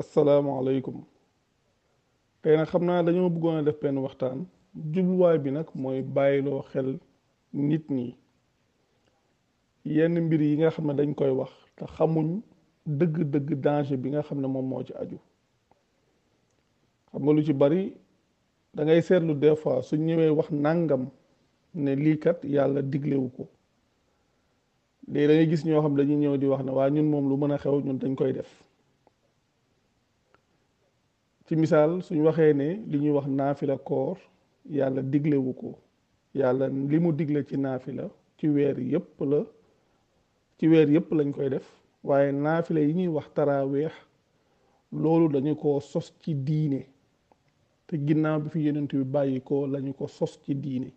asalaamaaleykum tey nag xam naa dañoo bëggoona a def benn waxtaan jubluwaay bi nag mooy bàyyiloo xel nit ñi yenn mbir yi nga xam ne dañ koy wax te xamuñ dëgg-dëgg danger bi nga xam ne moom moo ci aju xam nga lu ci bari dangay seetlu des fois su ñëwee wax nangam ne lii kat yàlla diglewu ko léegi da gis ñoo xam dañuy ñëw di wax ne waa ñun moom lu mën a xew ñun dañ koy def. ci misaal suñ waxee ne li ñuy wax naafila koor yàlla diglewu ko yàlla li mu digle ci naafila ci weer yëpp la ci weer yëpp lañ koy def waaye naafila yi ñuy wax taraaweex loolu dañu ko sos ci diine te ginnaaw bi fi yonent bi bàyyi ko lañu ko sos ci diine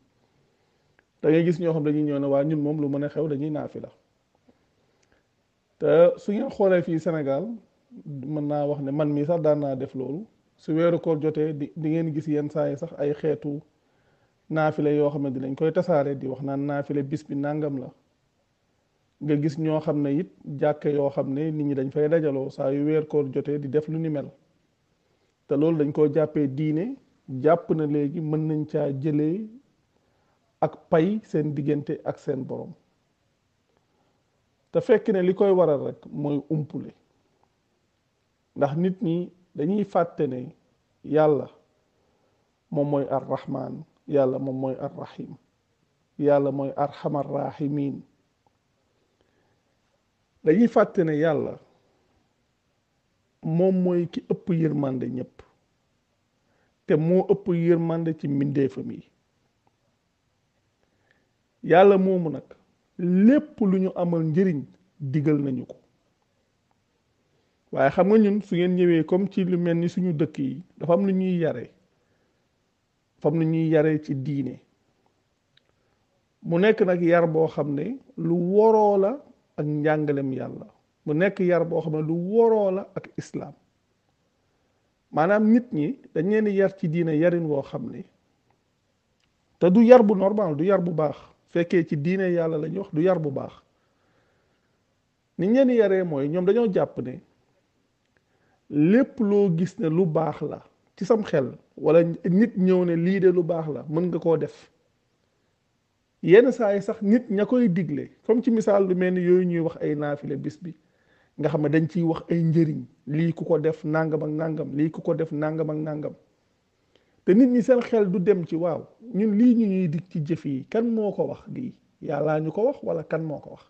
dangay gis ñoo xam dañuy ñëw ne waa ñun moom lu mën a xew dañuy naafila te su ngeen xoolee fii senegal mën naa wax ne man mii sax daan naa def loolu su weeru koor jotee di di ngeen gis yenn saa yi sax ay xeetu naafile yoo xam ne dinañ koy tasaare di wax naan naafile bis bi nàngam la nga gis ñoo xam ne it jàkke yoo xam ne nit ñi dañ fay dajaloo saa yu weer koor jotee di def lu ni mel te loolu dañ koo jàppee diine jàpp na léegi mën nañ caa jëlee ak pay seen diggante ak seen borom te fekk ne li koy waral rek mooy umpule ndax nit ñi dañuy fàtte ne yàlla moom mooy ar yàlla moom mooy ar yàlla mooy arhamar rahimin dañuy fàtte ne yàlla moom mooy ki ëpp yërmande ñëpp te moo ëpp yërmande ci mbindeefam yi yàlla moomu nag lépp lu ñu amal njëriñ digal nañu ko waaye xam nga ñun su ngeen ñëwee comme ci lu mel ni suñu dëkk yi dafa am lu ñuy yare dafa am lu ñuy yare ci diine mu nekk nag yar boo xam ne lu woroo la ak njàngalem yàlla mu nekk yar boo xam ne lu woroo la ak islaam maanaam nit ñi dañ leen yar ci diine yarin woo xam ne te du yar bu normal du yar bu baax fekkee ci diine yàlla lañ wax du yar bu baax ni ñeen yaree mooy ñoom dañoo jàpp ne lépp loo gis ne lu baax la ci sam xel wala nit ñëw ne lii de lu baax la mën nga koo def yenn saa yi sax nit ña koy digle comme ci misaal lu mel ni yooyu ñuy wax ay naafile bis bi nga xam ne dañ ciy wax ay njëriñ lii ku ko def nangam ak nangam lii ku ko def nangam ak nangam te nit ñi seen xel du dem ci waaw ñun lii ñu ñuy dig ci jëf yi kan moo ko wax lii yàlla ñu ko wax wala kan moo ko wax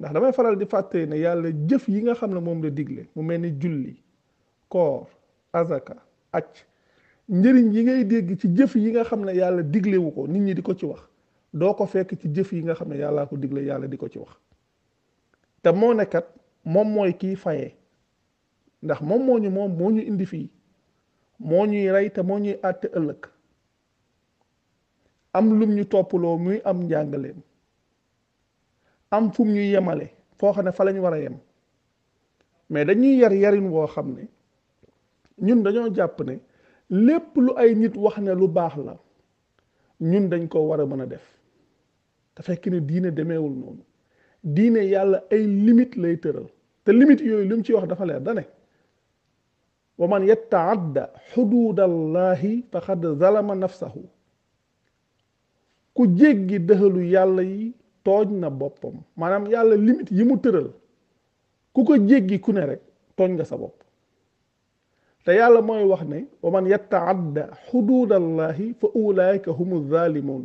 ndax damay faral di fàtte ne yàlla jëf yi nga xam ne moom la digle mu mel ni julli koor azaka acc njëriñ yi ngay dégg ci jëf yi nga xam ne yàlla diglewu ko nit ñi di ko ci wax doo ko fekk ci jëf yi nga xam ne yàllaa ko digle yàlla di ko ci wax te moo nekkat moom mooy kii faye ndax moom moo ñu moom moo ñu indi fii moo ñuy rey te moo ñuy àtte ëllëg am lum ñu toppaloo muy am njàngaleem am fu mu ñuy yemale foo xam ne fa lañ war a yem mais dañuy yar yarin woo xam ne ñun dañoo jàpp ne lépp lu ay nit wax ne lu baax la ñun dañ ko war a mën a def te fekk ne diine demeewul noonu diine yàlla ay limite lay tëral te limite yooyu li mu ci wax dafa leer dane wa man yataadda xuduudallahi faqad zalama nafsahu ku jéggi dëxalu yàlla yi tooñ na boppam maanaam yàlla limite yi mu tëral ku ko jéggi ku ne rek tooñ nga sa bopp te yàlla mooy wax ne wa man yataadda xuduudallahi fa ulaayka humu zaalimuun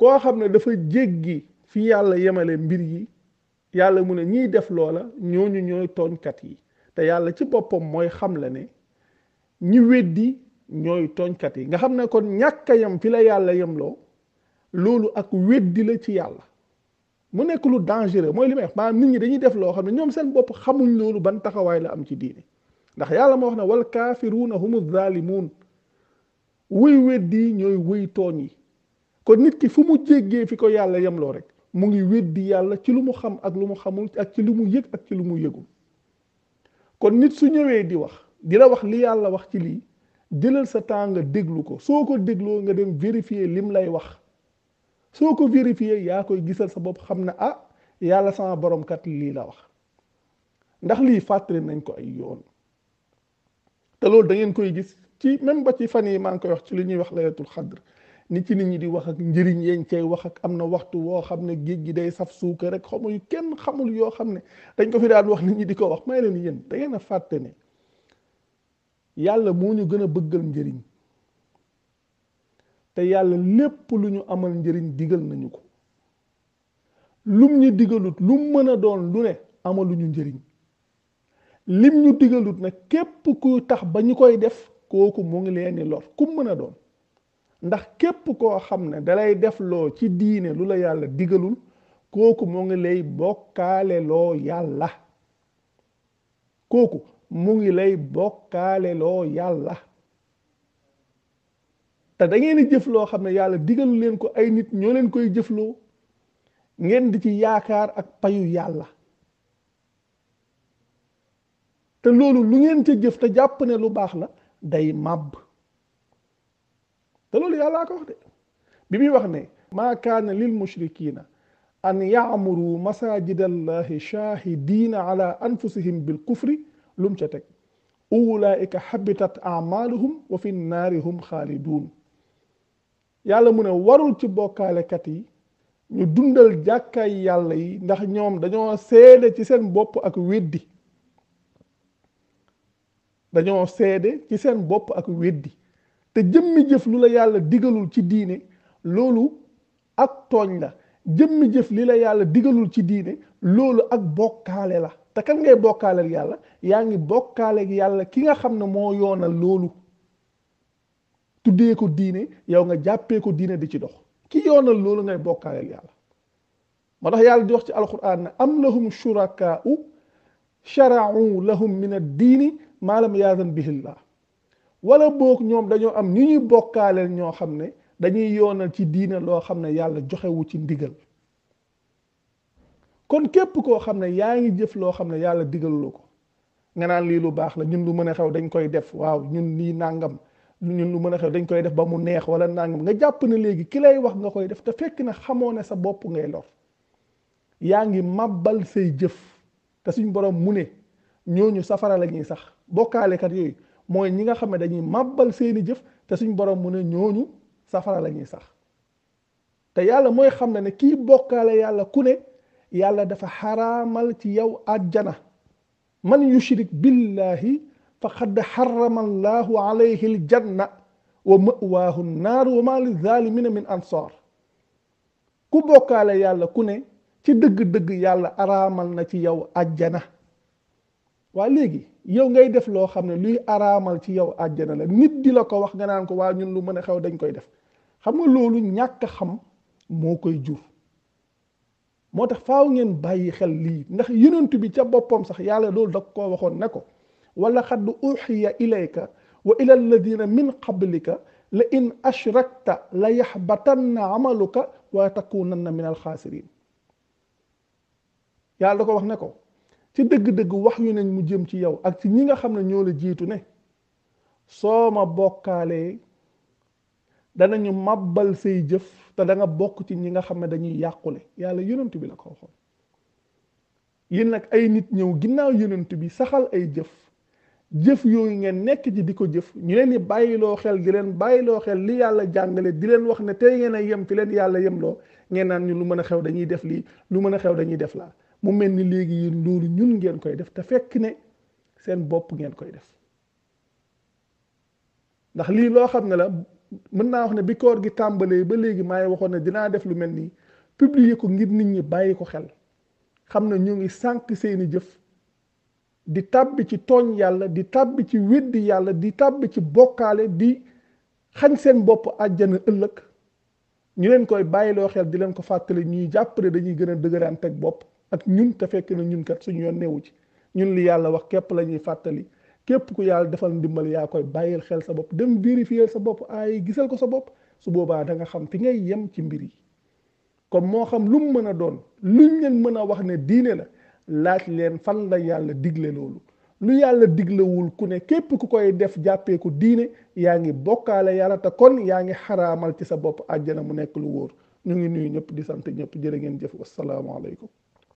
koo xam ne dafa jéggi fi yàlla yemale mbir yi yàlla mu ne ñiy def loola ñooñu ñooy tooñkat yi te yàlla ci boppam mooy xam la ne ñi weddi ñooy tooñkat yi nga xam ne kon ñàkk a yem fi la yàlla yemloo loolu ak weddi la ci yàlla mu nekk lu dangereux mooy li may wax maanaam nit ñi dañuy def loo xam ne ñoom seen bopp xamuñ loolu ban taxawaay la am ci diine ndax yàlla moo wax ne wal kaafiruuna humu zaalimuun wuy weddi ñooy wuy tooñ yi kon nit ki fu mu jéggee fi ko yàlla yemloo rek mu ngi weddi yàlla ci lu mu xam ak lu mu xamul ak ci lu mu yëg ak ci lu mu yëgul kon nit su ñëwee di wax di la wax li yàlla wax ci lii jëlal sa temps déglu ko soo ko dégloo nga dem vérifier lim lay wax soo ko vérifié yaa koy gisal sa bopp xam ne ah yàlla sama borom kat lii la wax ndax lii fàttali nañ ko ay yoon te loolu da ngeen koy gis ci même ba ci fan yi maa ngi koy wax ci li ñuy wax layatul xadr nit ñi nit ñi di wax ak njëriñ yeñ cay wax ak am na waxtu woo xam ne géej gi day saf suuka rek xamu yu kenn xamul yoo xam ne dañ ko fi daan wax nit ñi di ko wax may leen yéen da ngeen a fàtte ne yàlla moo ñu gën a bëggal njëriñ te yàlla lépp lu ñu amal njëriñ digal nañu ko lum ñu digalut lum mën a doon lu ne amaluñu njëriñ lim ñu digalut nag képp ku tax ba ñu koy def kooku mu ngi leen di lor kum mën a doon ndax képp koo xam ne dalay def loo ci diine lu la yàlla digalul kooku mu ngi lay bokkaale loo yàlla kooku mu ngi lay bokkaale loo yàlla te dangeen di jëf loo xam ne yàlla digalu leen ko ay nit ñoo leen koy jëfloo ngeen di ci yaakaar ak payu yàlla te loolu lu ngeen ci jëf te jàpp ne lu baax la day màbb te loolu yàlla ko wax de bi muy wax ne maa kaana lil mushrikina an yaamuru masajid allahi shahidina ala anfusihim bil kufri lum ci teg ulaika habitat amaluhum wa fi nnaari hum xaalidun yàlla mu ne warul ci bokkaalekat yi ñu dundal jàkkaay yàlla yi ndax ñoom dañoo seede ci seen bopp ak weddi seede ci seen bopp ak weddi te jëmmi jëf lu la yàlla digalul ci diine loolu ak tooñ la jëmm jëf li la yàlla digalul ci diine loolu ak bokkaale la te kan ngay bokkaaleel yàlla yaa ngi bokkaaleeg yàlla ki nga xam ne moo yoonal loolu tuddee ko diine yow nga jàppee ko diine di ci dox ki yoonal loolu ngay bokkaaleel yàlla moo tax yàlla di wax ci alquran ne am lahum shurakaa'u shara'u lahum min ad-diini maa lam yaazan bihillah wala boog ñoom dañoo am ñu ñuy bokkaaleel ñoo xam ne dañuy yoonal ci diine loo xam ne yàlla joxewu ci ndigal kon képp koo xam ne yaa ngi jëf loo xam ne yàlla digalu ko nga naan lii lu baax la ñun lu mën a xew dañ koy def waaw ñun lii nàngam ñun lu mën a xew dañ koy def ba mu neex wala nangam nga jàpp na léegi ki lay wax nga koy def te fekk na xamoo ne sa bopp ngay lor yaa ngi màbbal say jëf te suñ boroom mu ne ñooñu safara la sax bokkaalekat yooyu mooy ñi nga xam ne dañuy màbbal seeni jëf te suñ borom mu ne ñooñu safara la ñuy sax te yàlla mooy xam ne ne kii bokkaale yàlla ku ne yàlla dafa xaraamal ci yow àjjana man yushrik billahi faqad harrama allahu alayhi aljanna wa mawaahu naaru wa ma lizalimina min ansar ku bokkaale yàlla ku ne ci dëgg-dëgg yàlla araamal na ci yow àjjana waa léegi yow ngay def loo xam ne luy araamal ci yow àjjana la nit di la ko wax nga naan ko waa ñun lu mën a xew dañ koy def xam nga loolu ñàkk xam moo koy jur moo tax faaw ngeen bàyyi xel lii ndax yonent bi ca boppam sax yàlla loolu da koo waxoon ne ko wala xad uxiya ilayka wa ila alladina min qablika la in ashrakta la yaxbatanna amaluka wa takunanna min alxaasirin yàlla da ko wax ne ko ci dëgg-dëgg wax yu nañ mu jëm ci yow ak ci ñi nga xam ne ñoo la jiitu ne soo ma bokkaalee danañu màbbal say jëf te da bokk ci ñi nga xam ne dañuy yàqule yàlla yonent bi la ko waxoon yéen nag ay nit ñëw ginnaaw yonent bi saxal ay jëf jëf yooyu ngeen nekk ji di ko jëf ñu leen di bàyyiloo xel di leen bàyyiloo xel li yàlla jàngale di leen wax ne tey ngeen a yem fi leen yàlla yemloo ngeen naan lu mën a xew dañuy def lii lu mën a xew dañuy def laa mu mel ni léegi yéen loolu ñun ngeen koy def te fekk ne seen bopp ngeen koy def ndax lii loo xam ne la mën naa wax ne bi koor gi tàmbalee ba léegi may waxoon ne dinaa def lu mel nii publier ko ngir nit ñi bàyyi ko xel xam ne ñu ngi sànq seeni jëf di tàbbi ci tooñ yàlla di tàbbi ci weddi yàlla di tàbbi ci bokkaale di xañ seen bopp àjjana ëllëg ñu leen koy bàyyiloo xel di leen ko fàttali ñuy jàppale dañuy gën a dëgëranteeg bopp ak ñun te fekk na ñun kat suñu yoon newu ci ñun li yàlla wax képp la ñuy fàttali képp ku yàlla defal ndimbal yaa koy bàyyil xel sa bopp dem vérifier sa bopp aay gisal ko sa bopp su boobaa da nga xam fi ngay yem ci mbir yi kon moo xam lu mu mën a doon luñ leen mën a wax ne diine la laaj leen fan la yàlla digle loolu lu yàlla diglewul ku ne képp ku koy def jàppeeku diine yaa ngi bokkaale yàlla te kon yaa ngi xaraamal ci sa bopp àjjana mu nekk lu wóor ñu ngi nuyu ñëpp di sant ñëpp jërë ngeen jëf wassalaamu aleykum